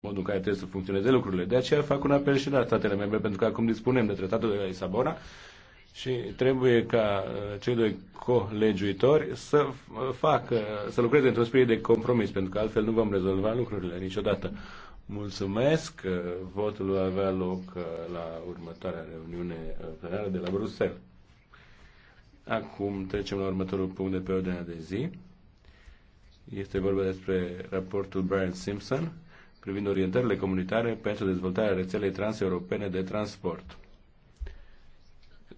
modul în care trebuie să funcționeze lucrurile. De aceea fac un apel și la statele membre, pentru că acum dispunem de tratatul de la Lisabona și trebuie ca uh, cei doi colegiuitori să uh, facă, să lucreze într-un spirit de compromis, pentru că altfel nu vom rezolva lucrurile niciodată. Mulțumesc. Uh, votul va avea loc la următoarea reuniune plenară de la Bruxelles. Acum trecem la următorul punct de pe ordinea de zi. Este vorba despre raportul Brian Simpson privind orientările comunitare pentru dezvoltarea rețelei transeuropene de transport.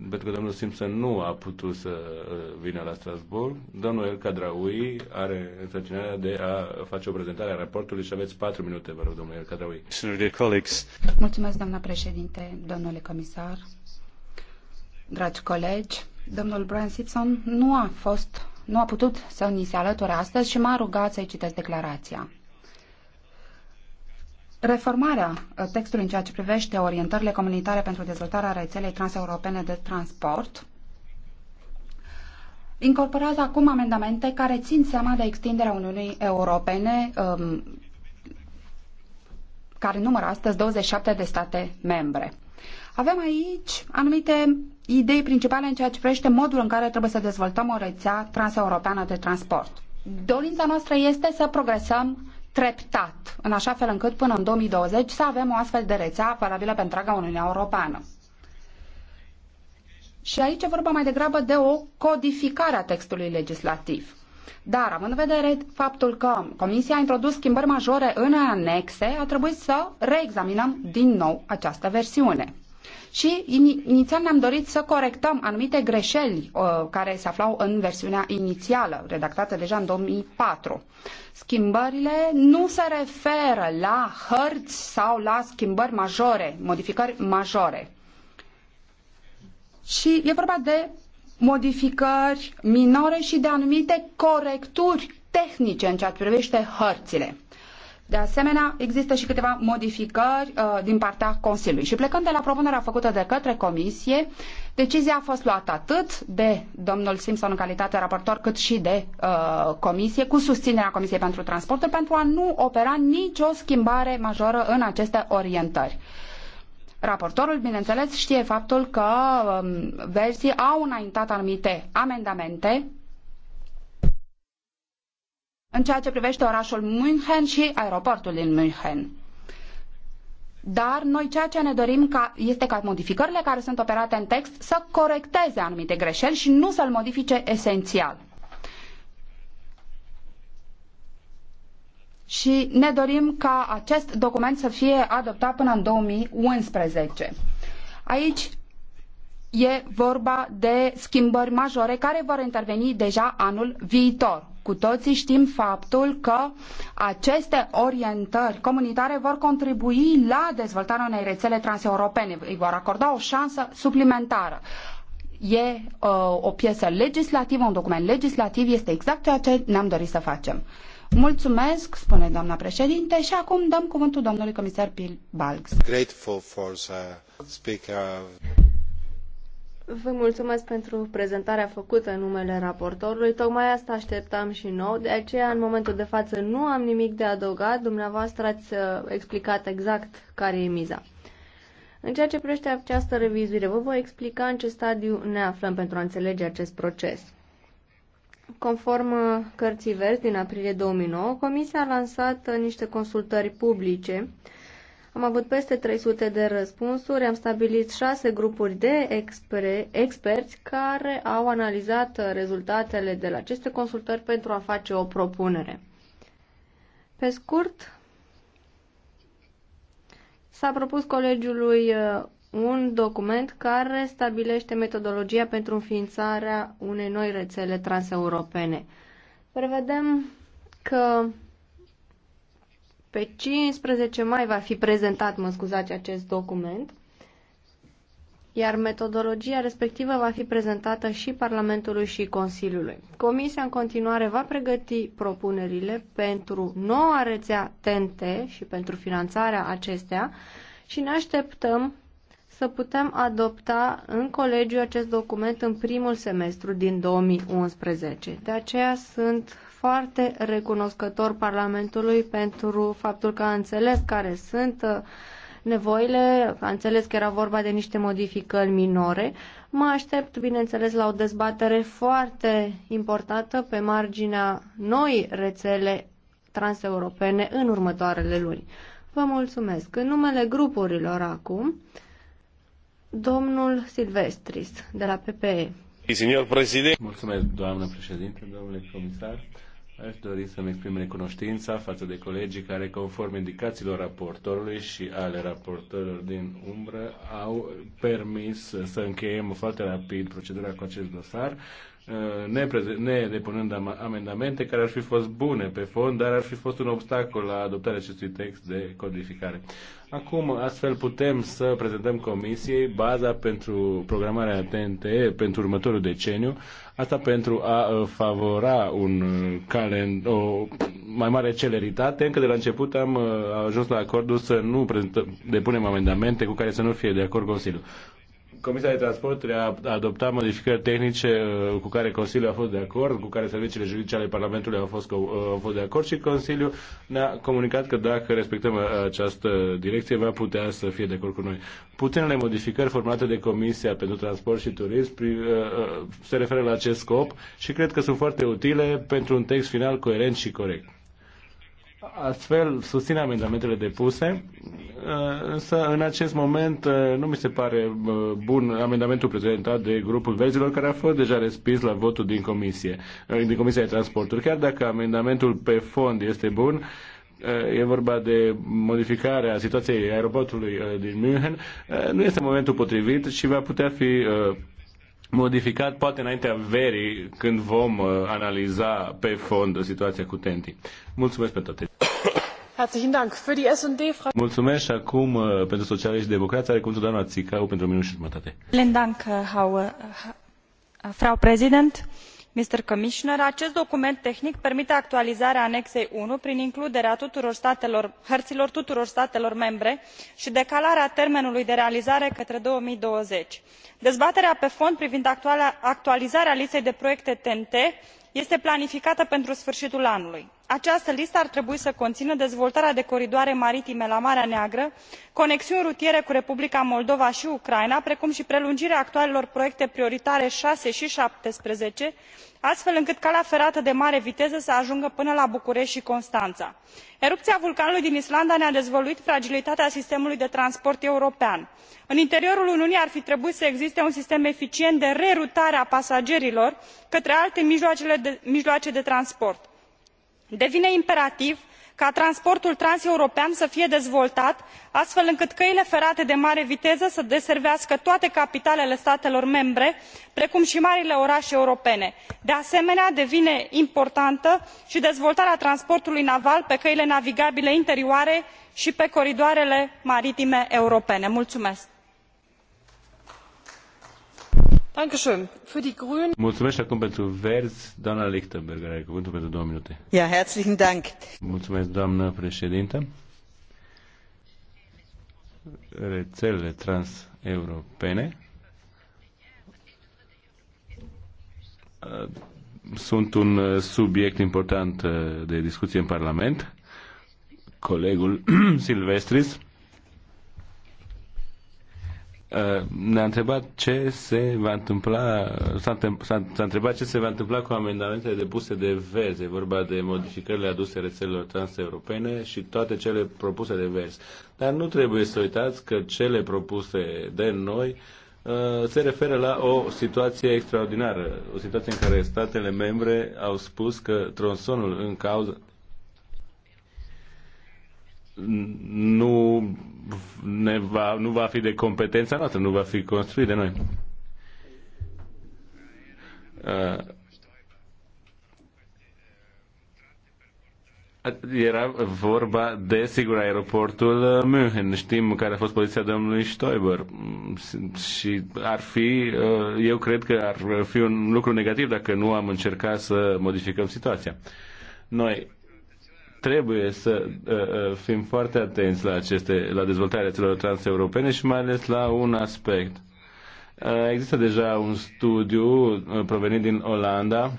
Pentru că domnul Simpson nu a putut să uh, vină la Strasbourg, domnul El Cadraui are însărcinarea de a face o prezentare a raportului și aveți patru minute, vă rog, domnul El Cadraui. Mulțumesc, doamna președinte, domnule comisar, dragi colegi. Domnul Brian Simpson nu a fost nu a putut să ni se alăture astăzi și m-a rugat să-i citesc declarația. Reformarea uh, textului în ceea ce privește orientările comunitare pentru dezvoltarea rețelei transeuropene de transport incorporează acum amendamente care țin seama de extinderea Uniunii Europene, um, care numără astăzi 27 de state membre. Avem aici anumite idei principale în ceea ce privește modul în care trebuie să dezvoltăm o rețea transeuropeană de transport. Dorința noastră este să progresăm treptat, în așa fel încât până în 2020 să avem o astfel de rețea valabilă pe întreaga Uniunea Europeană. Și aici e vorba mai degrabă de o codificare a textului legislativ. Dar, având în vedere faptul că Comisia a introdus schimbări majore în anexe, a trebuit să reexaminăm din nou această versiune și inițial ne-am dorit să corectăm anumite greșeli uh, care se aflau în versiunea inițială, redactată deja în 2004. Schimbările nu se referă la hărți sau la schimbări majore, modificări majore. Și e vorba de modificări minore și de anumite corecturi tehnice în ceea ce privește hărțile. De asemenea, există și câteva modificări uh, din partea Consiliului. Și plecând de la propunerea făcută de către Comisie, decizia a fost luată atât de domnul Simpson în calitate de raportor, cât și de uh, Comisie, cu susținerea Comisiei pentru Transporturi, pentru a nu opera nicio schimbare majoră în aceste orientări. Raportorul, bineînțeles, știe faptul că um, versii au înaintat anumite amendamente în ceea ce privește orașul München și aeroportul din München. Dar noi ceea ce ne dorim ca, este ca modificările care sunt operate în text să corecteze anumite greșeli și nu să-l modifice esențial. Și ne dorim ca acest document să fie adoptat până în 2011. Aici e vorba de schimbări majore care vor interveni deja anul viitor. Cu toții știm faptul că aceste orientări comunitare vor contribui la dezvoltarea unei rețele transeuropene, îi vor acorda o șansă suplimentară. E uh, o piesă legislativă, un document legislativ, este exact ceea ce ne-am dorit să facem. Mulțumesc, spune doamna președinte, și acum dăm cuvântul domnului comisar Pil Balgs. Grateful for the speaker. Vă mulțumesc pentru prezentarea făcută în numele raportorului. Tocmai asta așteptam și nou, de aceea în momentul de față nu am nimic de adăugat. Dumneavoastră ați uh, explicat exact care e miza. În ceea ce privește această revizuire, vă voi explica în ce stadiu ne aflăm pentru a înțelege acest proces. Conform uh, cărții verzi din aprilie 2009, Comisia a lansat uh, niște consultări publice uh, am avut peste 300 de răspunsuri, am stabilit șase grupuri de expere, experți care au analizat rezultatele de la aceste consultări pentru a face o propunere. Pe scurt, s-a propus colegiului uh, un document care stabilește metodologia pentru înființarea unei noi rețele transeuropene. Prevedem că pe 15 mai va fi prezentat, mă scuzați, acest document, iar metodologia respectivă va fi prezentată și Parlamentului și Consiliului. Comisia în continuare va pregăti propunerile pentru noua rețea TNT și pentru finanțarea acestea și ne așteptăm să putem adopta în colegiu acest document în primul semestru din 2011. De aceea sunt foarte recunoscător Parlamentului pentru faptul că a înțeles care sunt uh, nevoile, a înțeles că era vorba de niște modificări minore. Mă aștept, bineînțeles, la o dezbatere foarte importantă pe marginea noi rețele transeuropene în următoarele luni. Vă mulțumesc. În numele grupurilor acum, domnul Silvestris, de la PPE. Mulțumesc, doamnă președinte, domnule comisar. Aș dori să-mi exprim recunoștința față de colegii care, conform indicațiilor raportorului și ale raportorilor din umbră, au permis să încheiem foarte rapid procedura cu acest dosar Uh, ne depunând amendamente care ar fi fost bune pe fond, dar ar fi fost un obstacol la adoptarea acestui text de codificare. Acum, astfel putem să prezentăm Comisiei baza pentru programarea TNT pentru următorul deceniu, asta pentru a uh, favora un uh, calend, o mai mare celeritate. Încă de la început am ajuns la acordul să nu depunem amendamente cu care să nu fie de acord Consiliul. Comisia de Transporturi a adoptat modificări tehnice uh, cu care Consiliul a fost de acord, cu care serviciile juridice ale Parlamentului au fost, uh, au fost de acord și Consiliul ne-a comunicat că dacă respectăm uh, această direcție va putea să fie de acord cu noi. Puținele modificări formate de Comisia pentru Transport și Turism se referă la acest scop și cred că sunt foarte utile pentru un text final coerent și corect. Astfel, susțin amendamentele depuse, uh, însă în acest moment uh, nu mi se pare uh, bun amendamentul prezentat de grupul verzilor care a fost deja respins la votul din comisie, din Comisia de Transporturi. Chiar dacă amendamentul pe fond este bun, e vorba de modificarea situației aeroportului din München, nu este momentul potrivit și va putea fi modificat poate înaintea verii când vom uh, analiza pe fond situația cu TENTI. Mulțumesc pentru toate. Mulțumesc și acum uh, pentru socialiști și Democrația, are cuvântul doamna Țicau pentru minut și jumătate. Vielen Dank, uh, Frau Präsident acest document tehnic permite actualizarea anexei i prin includerea hărilor tuturor statelor membre i decalarea termenului de realizare către. două mii douăzeci dezbaterea pe fond privind actualizarea listei de proiecte ten t este planificată pentru sfâritul anului această listă ar trebui să conină dezvoltarea de coridoare maritime la marea neagră conexiuni rutiere cu republica moldova i ucraina precum i prelungirea actualelor proiecte prioritare șase i șaptesprezece astfel încât calea ferată de mare viteză să ajungă până la bucureti i constana. erupia vulcanului din islanda ne a dezvăluit fragilitatea sistemului de transport european. în interiorul uniunii ar fi trebuit să existe un sistem eficient de rerutare a pasagerilor către alte mijloace de transport devine imperativ ca transportul transeuropean să fie dezvoltat astfel încât căile ferate de mare viteză să deservească toate capitalele statelor membre precum i marile orae europene. de asemenea devine importantă i dezvoltarea transportului naval pe căile navigabile interioare i pe coridoarele maritime europene. mulumesc. Mulțumesc acum pentru verzi, doamna Lichtenberger, are cuvântul pentru două minute. Mulțumesc, Rețelele transeuropene uh, sunt un uh, subiect important uh, de discuție în Parlament. Colegul Silvestris Uh, ne-a întrebat ce se va întâmpla, s-a, întrebat ce se va întâmpla cu amendamentele depuse de Verzi, e vorba de modificările aduse rețelelor transeuropene și toate cele propuse de Verzi. Dar nu trebuie să uitați că cele propuse de noi uh, se referă la o situație extraordinară, o situație în care statele membre au spus că tronsonul în cauză nu, ne va, nu va fi de competența noastră, nu va fi construit de noi. Uh, era vorba de, sigur, aeroportul München. Știm care a fost poziția domnului Stoiber. Și ar fi, uh, eu cred că ar fi un lucru negativ dacă nu am încercat să modificăm situația. Noi trebuie să uh, uh, fim foarte atenți la, aceste, la dezvoltarea celor transeuropene și mai ales la un aspect. Uh, există deja un studiu uh, provenit din Olanda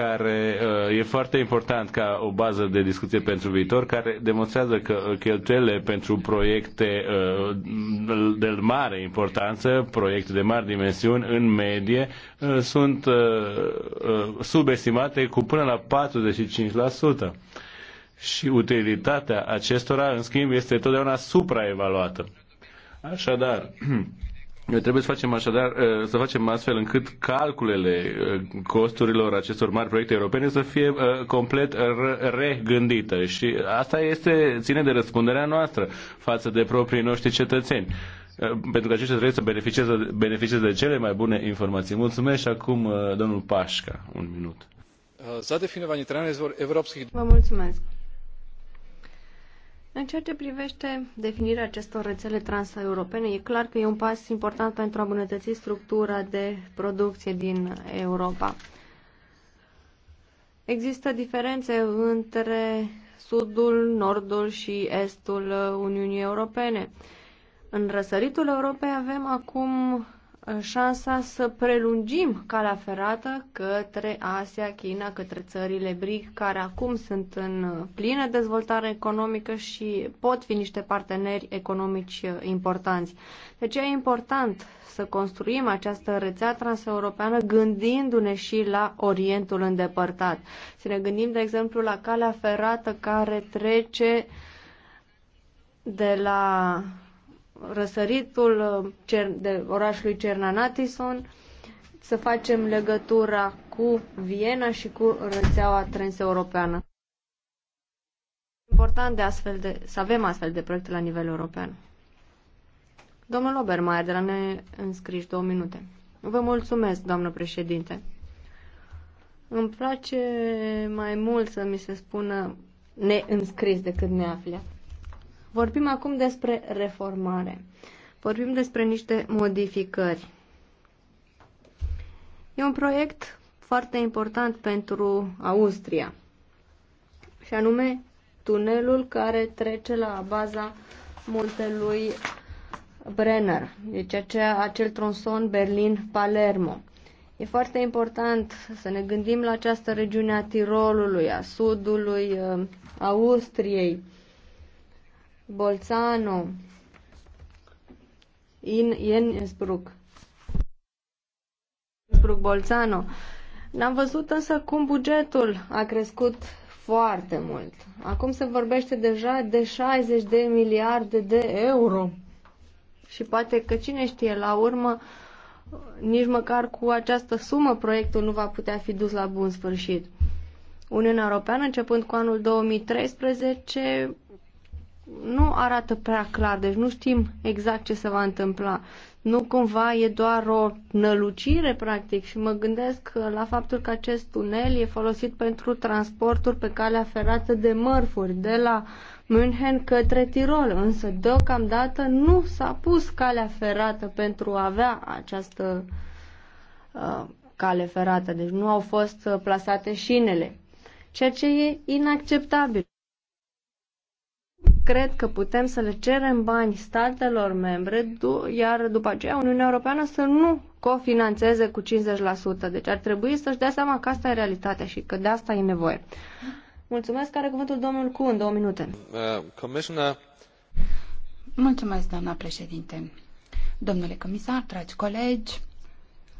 care uh, e foarte important ca o bază de discuție pentru viitor, care demonstrează că cheltuielile pentru proiecte uh, de mare importanță, proiecte de mari dimensiuni, în medie, uh, sunt subestimate cu până la 45%. Și utilitatea acestora, în schimb, este totdeauna supraevaluată. Așadar, Trebuie să facem așadar, ă, să facem astfel încât calculele ă, costurilor acestor mari proiecte europene să fie ă, complet regândite și asta este, ține de răspunderea noastră față de proprii noștri cetățeni. Pentru că aceștia trebuie să beneficieze, beneficieze de cele mai bune informații. Mulțumesc și acum domnul Pașca, un minut. Za definovanie trajnej evropských... Vă mulțumesc. În ceea ce privește definirea acestor rețele transeuropene, e clar că e un pas important pentru a îmbunătăți structura de producție din Europa. Există diferențe între sudul, nordul și estul Uniunii Europene. În răsăritul Europei avem acum șansa să prelungim calea ferată către Asia, China, către țările BRIC, care acum sunt în plină dezvoltare economică și pot fi niște parteneri economici importanți. Deci e important să construim această rețea transeuropeană gândindu-ne și la Orientul îndepărtat. Să ne gândim, de exemplu, la calea ferată care trece de la răsăritul uh, de orașului Cernanatison, să facem legătura cu Viena și cu rețeaua transeuropeană. Important de astfel de, să avem astfel de proiecte la nivel european. Domnul Obermaier, de la ne înscriși două minute. Vă mulțumesc, doamnă președinte. Îmi place mai mult să mi se spună neînscris decât neafiliat. Vorbim acum despre reformare. Vorbim despre niște modificări. E un proiect foarte important pentru Austria, și anume tunelul care trece la baza muntelui Brenner, deci acea, acel tronson Berlin-Palermo. E foarte important să ne gândim la această regiune a Tirolului, a sudului uh, Austriei, Bolzano in Innsbruck. Innsbruck Bolzano. N-am văzut însă cum bugetul a crescut foarte mult. Acum se vorbește deja de 60 de miliarde de euro. Și poate că cine știe, la urmă, nici măcar cu această sumă proiectul nu va putea fi dus la bun sfârșit. Uniunea Europeană, începând cu anul 2013, nu arată prea clar, deci nu știm exact ce se va întâmpla. Nu cumva e doar o nălucire, practic, și mă gândesc la faptul că acest tunel e folosit pentru transporturi pe calea ferată de mărfuri, de la München către Tirol, însă deocamdată nu s-a pus calea ferată pentru a avea această uh, cale ferată, deci nu au fost uh, plasate șinele, ceea ce e inacceptabil cred că putem să le cerem bani statelor membre, iar după aceea Uniunea Europeană să nu cofinanțeze cu 50%. Deci ar trebui să-și dea seama că asta e realitatea și că de asta e nevoie. Mulțumesc. Are cuvântul domnul în două minute. Uh, commissioner... Mulțumesc, doamna președinte. Domnule comisar, dragi colegi,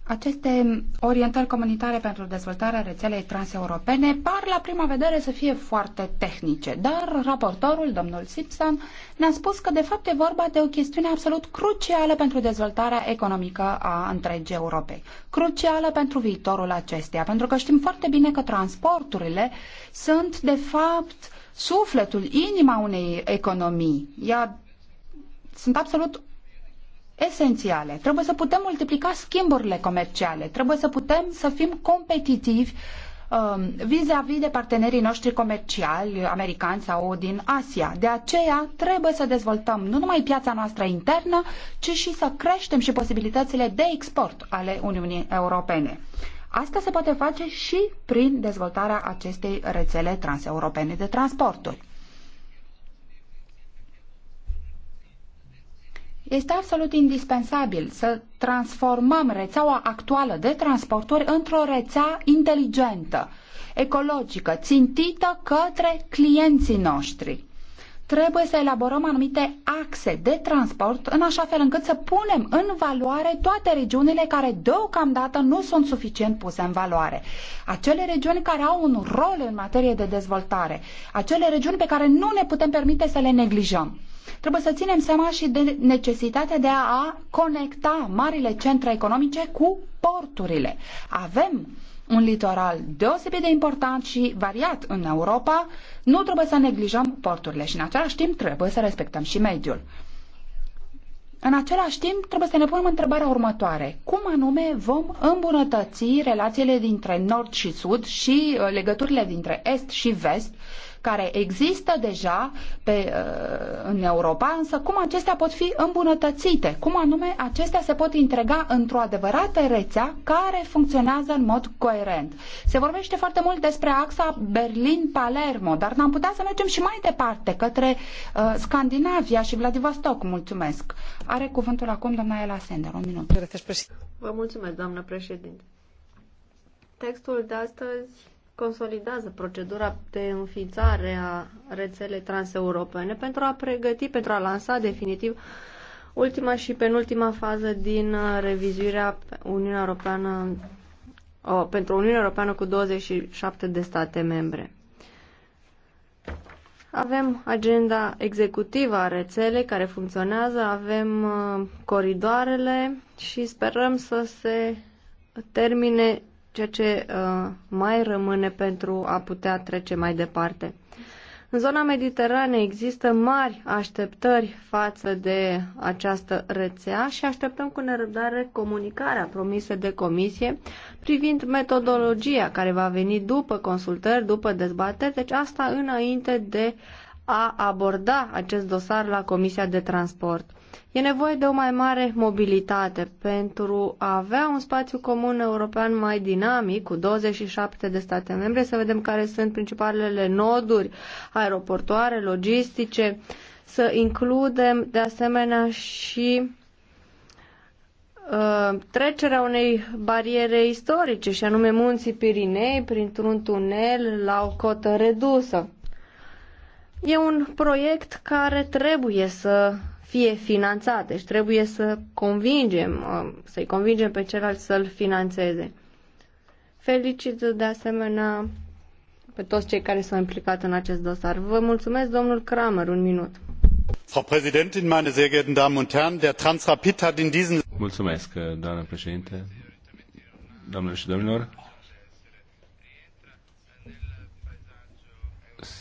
aceste orientări comunitare pentru dezvoltarea rețelei transeuropene par la prima vedere să fie foarte tehnice, dar raportorul, domnul Simpson, ne-a spus că de fapt e vorba de o chestiune absolut crucială pentru dezvoltarea economică a întregii Europei, crucială pentru viitorul acesteia, pentru că știm foarte bine că transporturile sunt de fapt sufletul, inima unei economii. Ea sunt absolut esențiale. Trebuie să putem multiplica schimburile comerciale, trebuie să putem să fim competitivi um, vis-a-vis de partenerii noștri comerciali americani sau din Asia. De aceea trebuie să dezvoltăm nu numai piața noastră internă, ci și să creștem și posibilitățile de export ale Uniunii Europene. Asta se poate face și prin dezvoltarea acestei rețele transeuropene de transporturi. Este absolut indispensabil să transformăm rețeaua actuală de transporturi într-o rețea inteligentă, ecologică, țintită către clienții noștri. Trebuie să elaborăm anumite axe de transport în așa fel încât să punem în valoare toate regiunile care deocamdată nu sunt suficient puse în valoare. Acele regiuni care au un rol în materie de dezvoltare, acele regiuni pe care nu ne putem permite să le neglijăm. Trebuie să ținem seama și de necesitatea de a conecta marile centre economice cu porturile. Avem un litoral deosebit de important și variat în Europa, nu trebuie să neglijăm porturile și în același timp trebuie să respectăm și mediul. În același timp, trebuie să ne punem întrebarea următoare. Cum anume vom îmbunătăți relațiile dintre nord și sud și uh, legăturile dintre est și vest care există deja pe, uh, în Europa, însă cum acestea pot fi îmbunătățite, cum anume acestea se pot integra într-o adevărată rețea care funcționează în mod coerent. Se vorbește foarte mult despre axa Berlin-Palermo, dar n-am putea să mergem și mai departe, către uh, Scandinavia și Vladivostok. Mulțumesc. Are cuvântul acum doamna Ela Sender. Un minut. Vă mulțumesc, doamnă președinte. Textul de astăzi consolidează procedura de înființare a rețelei transeuropene pentru a pregăti, pentru a lansa definitiv ultima și penultima fază din uh, revizuirea Uniunea Europeană, o, pentru Uniunea Europeană cu 27 de state membre. Avem agenda executivă a rețelei care funcționează, avem uh, coridoarele și sperăm să se termine ceea ce uh, mai rămâne pentru a putea trece mai departe. În zona mediterană există mari așteptări față de această rețea și așteptăm cu nerăbdare comunicarea promisă de comisie privind metodologia care va veni după consultări, după dezbateri, deci asta înainte de a aborda acest dosar la Comisia de Transport. E nevoie de o mai mare mobilitate pentru a avea un spațiu comun european mai dinamic cu 27 de state membre, să vedem care sunt principalele noduri aeroportoare, logistice, să includem de asemenea și uh, trecerea unei bariere istorice, și anume munții Pirinei, printr-un tunel la o cotă redusă. E un proiect care trebuie să fie finanțate și deci trebuie să convingem, um, să-i convingem pe celălalt să-l finanțeze. Felicit de asemenea pe toți cei care s-au implicat în acest dosar. Vă mulțumesc, domnul Kramer, un minut. Frau Präsidentin, meine sehr geehrten Damen und Herren, der Transrapid hat in diesen... Mulțumesc, doamnă președinte, doamnelor și domnilor.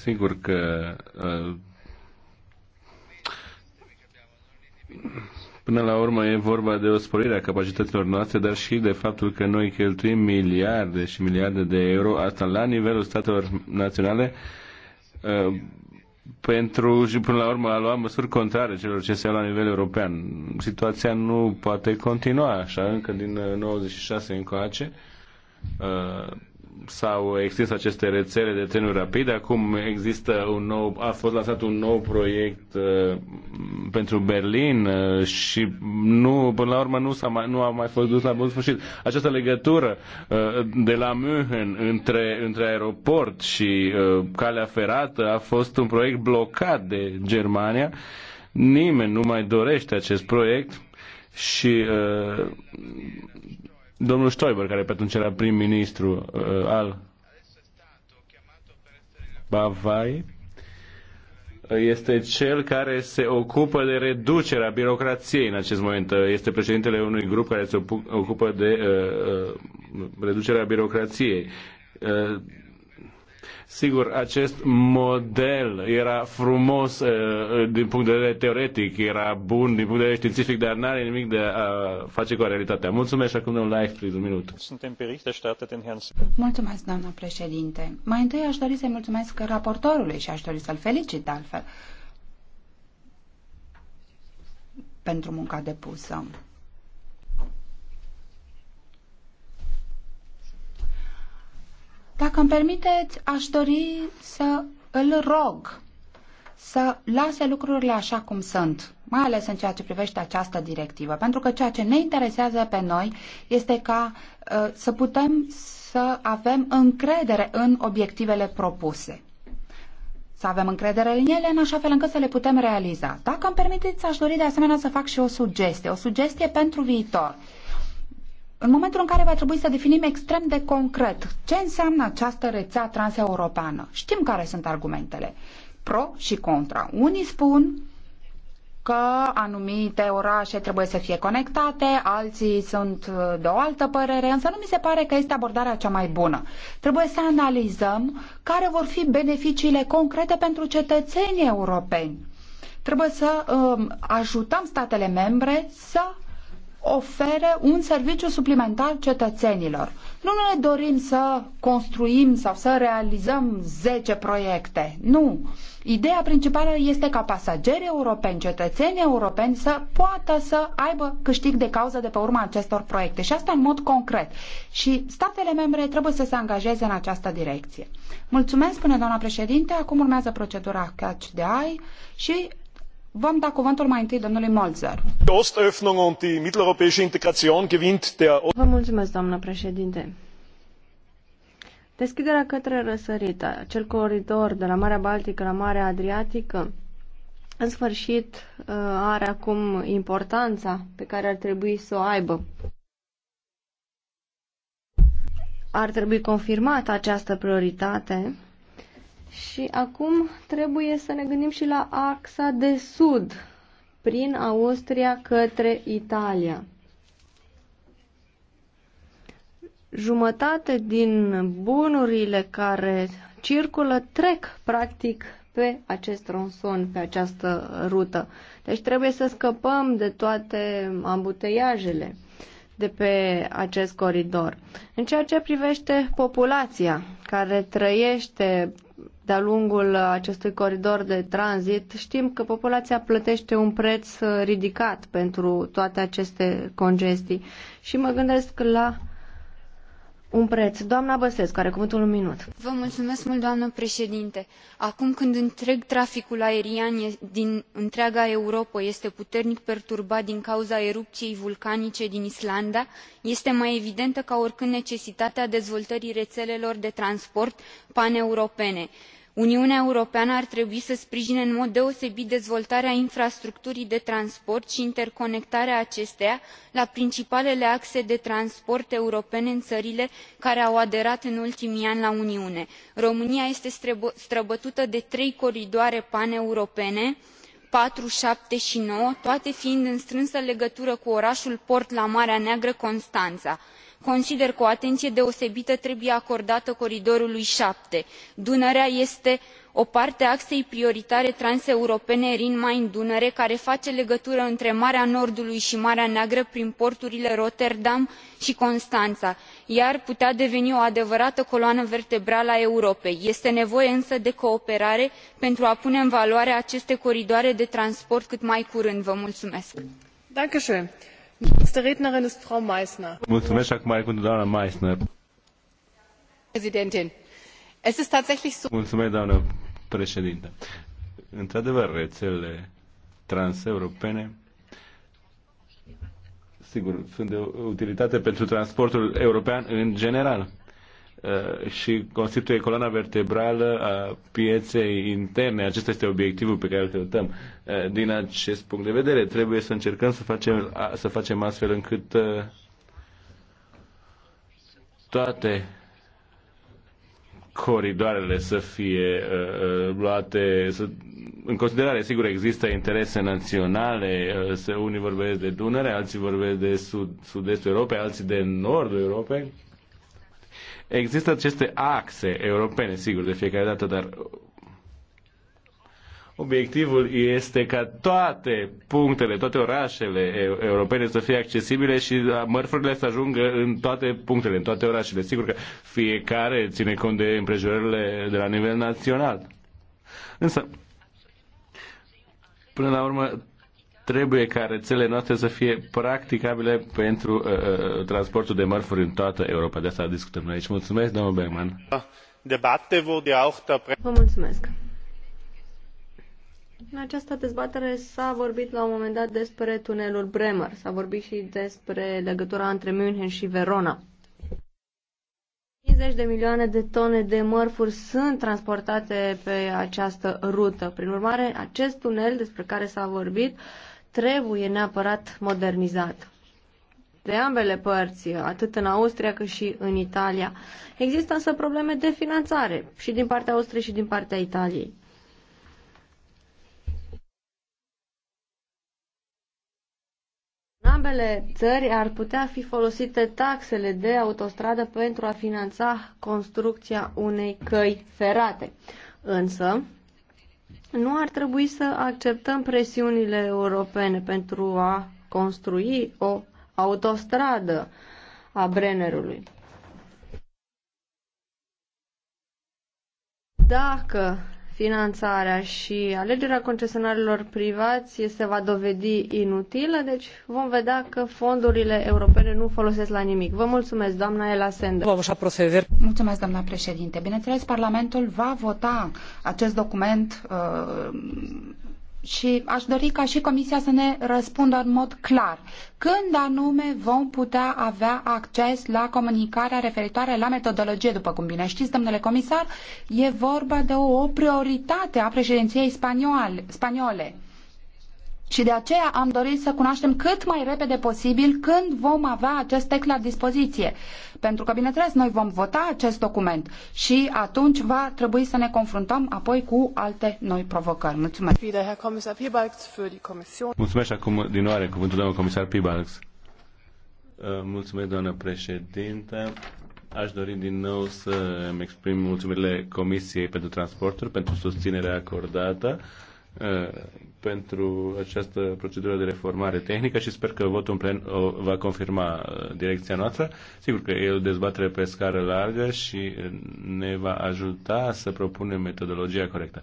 Sigur că uh, Până la urmă e vorba de o sporire a capacităților noastre, dar și de faptul că noi cheltuim miliarde și miliarde de euro, asta la nivelul statelor naționale, uh, pentru și până la urmă a lua măsuri contrare celor ce se iau la nivel european. Situația nu poate continua așa, încă din 96 uh, încoace uh, s-au extins aceste rețele de trenuri rapide. Acum există un nou, a fost lansat un nou proiect uh, pentru Berlin uh, și nu, până la urmă nu, s-a mai, nu a mai fost dus la bun sfârșit. Această legătură uh, de la München între, între aeroport și uh, calea ferată a fost un proiect blocat de Germania. Nimeni nu mai dorește acest proiect și uh, domnul Stoiber, care pe atunci era prim-ministru uh, al Bavai, este cel care se ocupă de reducerea birocrației în acest moment. Uh, este președintele unui grup care se ocupă de uh, uh, reducerea birocrației. Uh, Sigur, acest model era frumos uh, din punct de vedere teoretic, era bun din punct de vedere științific, dar n-are nimic de a face cu realitatea. Mulțumesc și acum live prin un minut. Deci mulțumesc, doamnă președinte. Mai întâi aș dori să-i mulțumesc raportorului și aș dori să-l felicit de altfel pentru munca depusă. Dacă îmi permiteți, aș dori să îl rog să lase lucrurile așa cum sunt, mai ales în ceea ce privește această directivă, pentru că ceea ce ne interesează pe noi este ca uh, să putem să avem încredere în obiectivele propuse. Să avem încredere în ele în așa fel încât să le putem realiza. Dacă îmi permiteți, aș dori de asemenea să fac și o sugestie, o sugestie pentru viitor. Uh, în momentul în care va trebui să definim extrem de concret ce înseamnă această rețea transeuropeană, știm care sunt argumentele, pro și contra. Unii spun că anumite orașe trebuie să fie conectate, alții sunt uh, de o altă părere, însă nu mi se pare că este abordarea cea mai bună. Trebuie să analizăm care vor fi beneficiile concrete pentru cetățenii europeni. Trebuie să um, ajutăm statele membre să ofere un serviciu suplimentar cetățenilor. Nu ne dorim să construim sau să realizăm 10 proiecte. Nu. Ideea principală este ca pasagerii europeni, cetățenii europeni să poată să aibă câștig de cauză de pe urma acestor proiecte și asta în mod concret. Și statele membre trebuie să se angajeze în această direcție. Mulțumesc, spune doamna președinte. Acum urmează procedura catch de ai și Vom da cuvântul mai întâi domnului Molzer. Vă mulțumesc, doamnă președinte. Deschiderea către răsărit, acel coridor de la Marea Baltică la Marea Adriatică, în sfârșit uh, are acum importanța pe care ar trebui să o aibă. Ar trebui confirmată această prioritate și acum trebuie să ne gândim și la axa de sud, prin Austria către Italia. Jumătate din bunurile care circulă trec practic pe acest ronson, pe această rută. Deci trebuie să scăpăm de toate ambuteiajele de pe acest coridor. În ceea ce privește populația care trăiește de-a lungul acestui coridor de tranzit, știm că populația plătește un preț ridicat pentru toate aceste congestii. Și mă gândesc la un preț. Doamna Băsescu are cuvântul un minut. Vă mulțumesc mult, doamnă președinte. Acum când întreg traficul aerian din întreaga Europa este puternic perturbat din cauza erupției vulcanice din Islanda, este mai evidentă ca oricând necesitatea dezvoltării rețelelor de transport paneuropene uniunea europeană ar trebui să sprijine în mod deosebit dezvoltarea infrastructurii de transport i interconectarea acesteia la principalele axe de transport europene în ările care au aderat în ultimii ani la uniune. românia este străbătută de trei coridoare paneuropene i patru șapte i nouă toate fiind în strânsă legătură cu oraul port la marea neagră constana. consider că o atenie deosebită trebuie acordată coridorului șapte dunărea este o parte a axei prioritare transeuropene rin main dunăre care face legătură între marea nordului i marea neagră prin porturile rotterdam i constana ea ar putea deveni o adevărată coloană vertebrală a europei. este nevoie însă de cooperare pentru a pune în valoare aceste coridoare de transport cât mai curând. Vă mulțumesc. Mulțumesc, Mulțumesc Într-adevăr, rețelele transeuropene sigur, sunt de utilitate pentru transportul european în general uh, și constituie coloana vertebrală a pieței interne. Acesta este obiectivul pe care îl căutăm. Uh, din acest punct de vedere, trebuie să încercăm să facem, să facem astfel încât uh, toate coridoarele să fie uh, uh, luate să, în considerare. Sigur, există interese naționale, uh, unii vorbesc de Dunăre, alții vorbesc de sud, sud-estul Europei, alții de nordul Europei. Există aceste axe europene, sigur, de fiecare dată, dar Obiectivul este ca toate punctele, toate orașele europene să fie accesibile și uh, mărfurile să ajungă în toate punctele, în toate orașele. Sigur că fiecare ține cont de împrejurările de la nivel național. Însă, până la urmă, trebuie ca rețelele noastre să fie practicabile pentru uh, uh transportul de mărfuri în toată Europa. De asta discutăm noi aici. Mulțumesc, domnul Bergman. Vă mulțumesc. În această dezbatere s-a vorbit la un moment dat despre tunelul Bremer, s-a vorbit și despre legătura între München și Verona. 50 de milioane de tone de mărfuri sunt transportate pe această rută. Prin urmare, acest tunel despre care s-a vorbit trebuie neapărat modernizat de ambele părți, atât în Austria cât și în Italia. Există însă probleme de finanțare și din partea Austriei și din partea Italiei. ambele țări ar putea fi folosite taxele de autostradă pentru a finanța construcția unei căi ferate. Însă, nu ar trebui să acceptăm presiunile europene pentru a construi o autostradă a Brennerului. Dacă finanțarea și alegerea concesionarilor privați se va dovedi inutilă, deci vom vedea că fondurile europene nu folosesc la nimic. Vă mulțumesc, doamna Ela Sender. Vom așa proceder. Mulțumesc, doamna președinte. Bineînțeles, Parlamentul va vota acest document uh, și aș dori ca și Comisia să ne răspundă în mod clar. Când anume vom putea avea acces la comunicarea referitoare la metodologie, după cum bine știți, domnule comisar, e vorba de o prioritate a președinției spaniole. Și de aceea am dorit să cunoaștem cât mai repede posibil când vom avea acest text la dispoziție. Pentru că, bineînțeles, noi vom vota acest document și atunci va trebui să ne confruntăm apoi cu alte noi provocări. Mulțumesc! Mulțumesc acum din oare cuvântul doamnă comisar Pibalx. Uh, mulțumesc, doamnă președintă. Aș dori din nou să îmi exprim mulțumirile Comisiei pentru Transporturi pentru susținerea acordată uh, pentru această procedură de reformare tehnică și sper că votul în plen va confirma uh, direcția noastră. Sigur că e o dezbatere pe scară largă și uh, ne va ajuta să propunem metodologia corectă.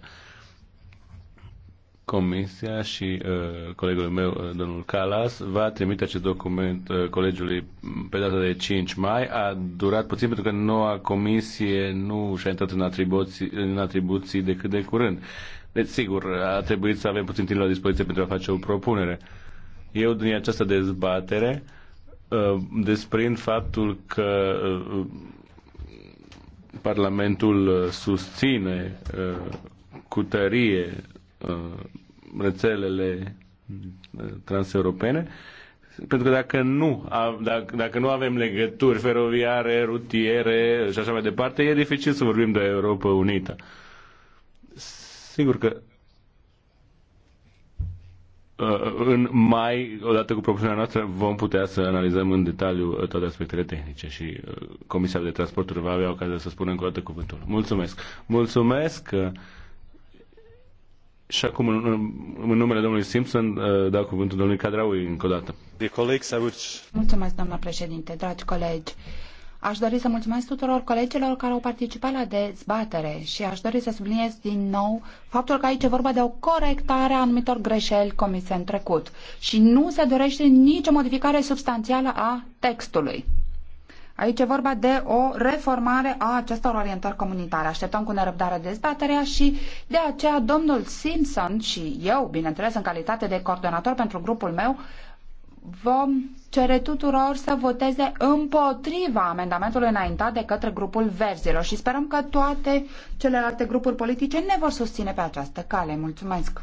Comisia și uh, colegul meu, uh, domnul Calas, va trimite acest document uh, colegiului pe data de 5 mai. A durat puțin pentru că noua comisie nu și-a intrat în atribuții, în atribuții decât de curând. Deci, sigur, a trebuit să avem puțin timp la dispoziție pentru a face o propunere. Eu, din această dezbatere, ă, desprind faptul că ă, Parlamentul susține ă, cu tărie rețelele transeuropene, pentru că dacă nu, dacă, dacă nu avem legături feroviare, rutiere și așa mai departe, e dificil să vorbim de Europa Unită. Sigur că uh, în mai, odată cu propunerea noastră, vom putea să analizăm în detaliu uh, toate aspectele tehnice și uh, Comisia de Transporturi va avea ocazia să spună încă o dată cuvântul. Mulțumesc! Mulțumesc! Și acum, în, în numele domnului Simpson, dau cuvântul domnului Cadraui încă o dată. Mulțumesc, doamna președinte, dragi colegi! Aș dori să mulțumesc tuturor colegilor care au participat la dezbatere și aș dori să subliniez din nou faptul că aici e vorba de o corectare a anumitor greșeli comise în trecut și nu se dorește nicio modificare substanțială a textului. Aici e vorba de o reformare a acestor orientări comunitare. Așteptăm cu nerăbdare dezbaterea și de aceea domnul Simpson și eu, bineînțeles în calitate de coordonator pentru grupul meu, vom cere tuturor să voteze împotriva amendamentului înaintat de către grupul verzilor și sperăm că toate celelalte grupuri politice ne vor susține pe această cale. Mulțumesc!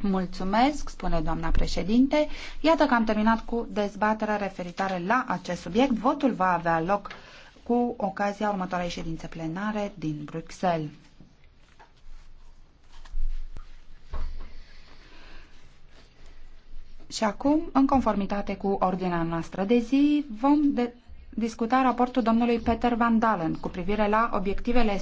Mulțumesc, spune doamna președinte. Iată că am terminat cu dezbaterea referitoare la acest subiect. Votul va avea loc cu ocazia următoarei ședințe plenare din Bruxelles. Și acum, în conformitate cu ordinea noastră de zi, vom de discuta raportul domnului Peter Van Dalen cu privire la obiectivele